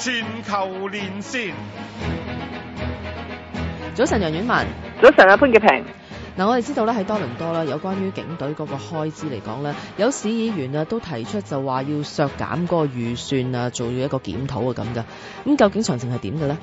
全球連線。早晨，楊婉雯。早晨啊，潘潔平。嗱，我哋知道咧喺多倫多啦，有關於警隊嗰個開支嚟講咧，有市議員啊都提出就話要削減嗰個預算啊，做一個檢討啊咁噶。咁究竟詳情係點嘅呢？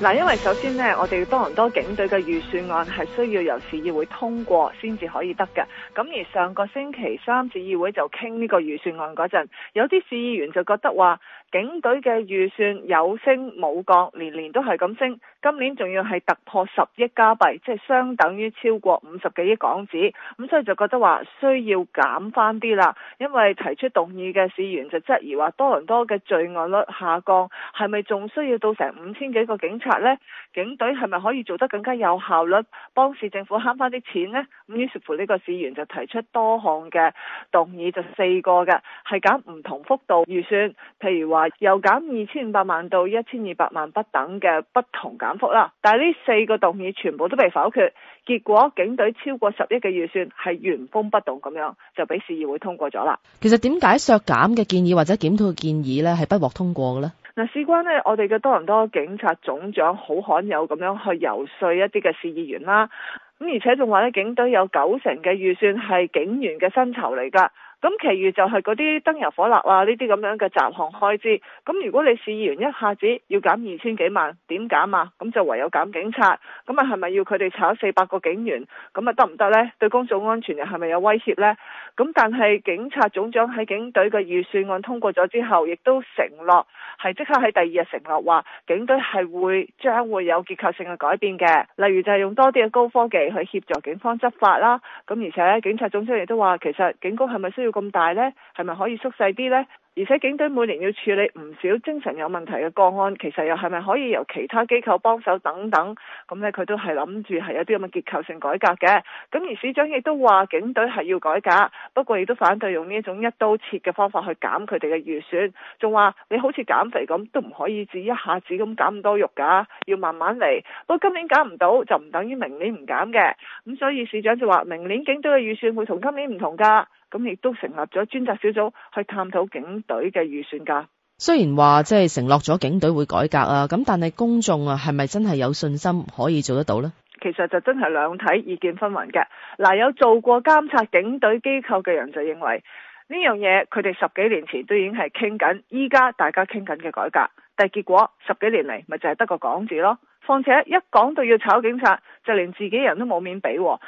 嗱，因為首先呢，我哋多倫多警隊嘅預算案係需要由市議會通過先至可以得嘅。咁而上個星期三，市議會就傾呢個預算案嗰陣，有啲市議員就覺得話警隊嘅預算有升冇降，年年都係咁升，今年仲要係突破十億加幣，即係相等於超過五。十幾億港紙，咁所以就覺得話需要減翻啲啦。因為提出動議嘅市議員就質疑話，多倫多嘅罪案率下降，係咪仲需要到成五千幾個警察呢？警隊係咪可以做得更加有效率，幫市政府慳翻啲錢呢？咁於是乎呢個市議員就提出多項嘅動議，就四個嘅係減唔同幅度預算，譬如話由減二千五百萬到一千二百萬不等嘅不同減幅啦。但係呢四個動議全部都被否決，結果警。隊超過十億嘅預算係原封不動咁樣就俾市議會通過咗啦。其實點解削減嘅建議或者檢討嘅建議呢係不獲通過嘅呢？嗱，事關呢，我哋嘅多倫多警察總長好罕有咁樣去遊說一啲嘅市議員啦，咁而且仲話呢，警隊有九成嘅預算係警員嘅薪酬嚟噶。咁，其餘就係嗰啲燈油火蠟啊，呢啲咁樣嘅雜項開支。咁如果你市議員一下子要減二千幾萬，點減啊？咁就唯有減警察。咁啊，係咪要佢哋炒四百個警員？咁啊，得唔得咧？對公眾安全又係咪有威脅咧？咁但係警察總長喺警隊嘅預算案通過咗之後，亦都承諾係即刻喺第二日承諾話，警隊係會將會有結構性嘅改變嘅。例如就係用多啲嘅高科技去協助警方執法啦。咁而且警察總長亦都話，其實警局係咪需要？咁大呢，係咪可以縮細啲呢？而且警隊每年要處理唔少精神有問題嘅個案，其實又係咪可以由其他機構幫手等等？咁呢，佢都係諗住係有啲咁嘅結構性改革嘅。咁而市長亦都話，警隊係要改革。不過亦都反對用呢一種一刀切嘅方法去減佢哋嘅預算，仲話你好似減肥咁，都唔可以只一下子咁減咁多肉噶，要慢慢嚟。不過今年減唔到，就唔等於明年唔減嘅。咁所以市長就話，明年警隊嘅預算會同今年唔同噶，咁亦都成立咗專責小組去探討警隊嘅預算噶。雖然話即係承諾咗警隊會改革啊，咁但係公眾啊，係咪真係有信心可以做得到呢？其實就真係兩睇意見紛紜嘅。嗱、啊，有做過監察警隊機構嘅人就認為呢樣嘢，佢哋十幾年前都已經係傾緊，依家大家傾緊嘅改革，但係結果十幾年嚟咪就係得個講字咯。況且一講到要炒警察，就連自己人都冇面俾喎。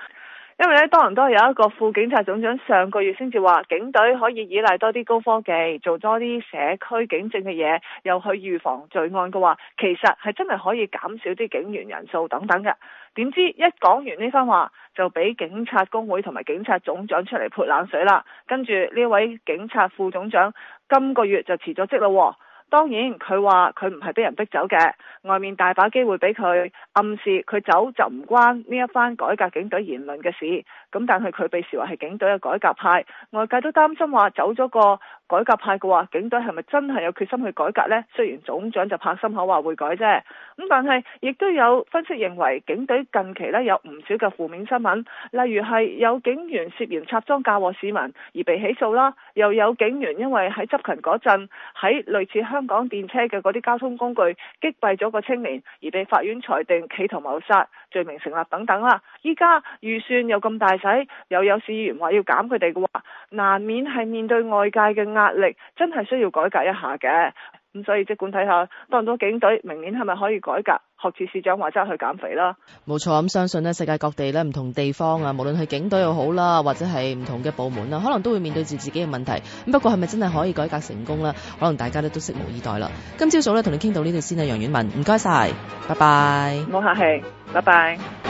因為咧，當人都有一個副警察總長，上個月先至話警隊可以依賴多啲高科技，做多啲社區警政嘅嘢，又去預防罪案嘅話，其實係真係可以減少啲警員人數等等嘅。點知一講完呢番話，就俾警察工會同埋警察總長出嚟潑冷水啦。跟住呢位警察副總長，今個月就辭咗職喎。當然，佢話佢唔係俾人逼走嘅，外面大把機會俾佢，暗示佢走就唔關呢一番改革警隊言論嘅事。咁但係佢被視為係警隊嘅改革派，外界都擔心話走咗個改革派嘅話，警隊係咪真係有決心去改革咧？雖然總長就拍心口話會改啫，咁但係亦都有分析認為，警隊近期咧，有唔少嘅負面新聞，例如係有警員涉嫌插贓嫁禍市民而被起訴啦，又有警員因為喺執勤嗰陣喺類似香港電車嘅嗰啲交通工具擊斃咗個青年而被法院裁定企圖謀殺罪名成立等等啦。依家預算又咁大使，又有市議員話要減佢哋嘅話，難免係面對外界嘅壓。壓力真係需要改革一下嘅，咁所以即管睇下當咗警隊明年係咪可以改革，學似市長話齋去減肥啦，冇錯。咁相信呢世界各地咧唔同地方啊，無論係警隊又好啦，或者係唔同嘅部門啦，可能都會面對住自己嘅問題。咁不過係咪真係可以改革成功咧？可能大家都都拭目以待啦。今朝早咧同你傾到呢度先啦，楊婉雯，唔該晒，拜拜。冇客氣，拜拜。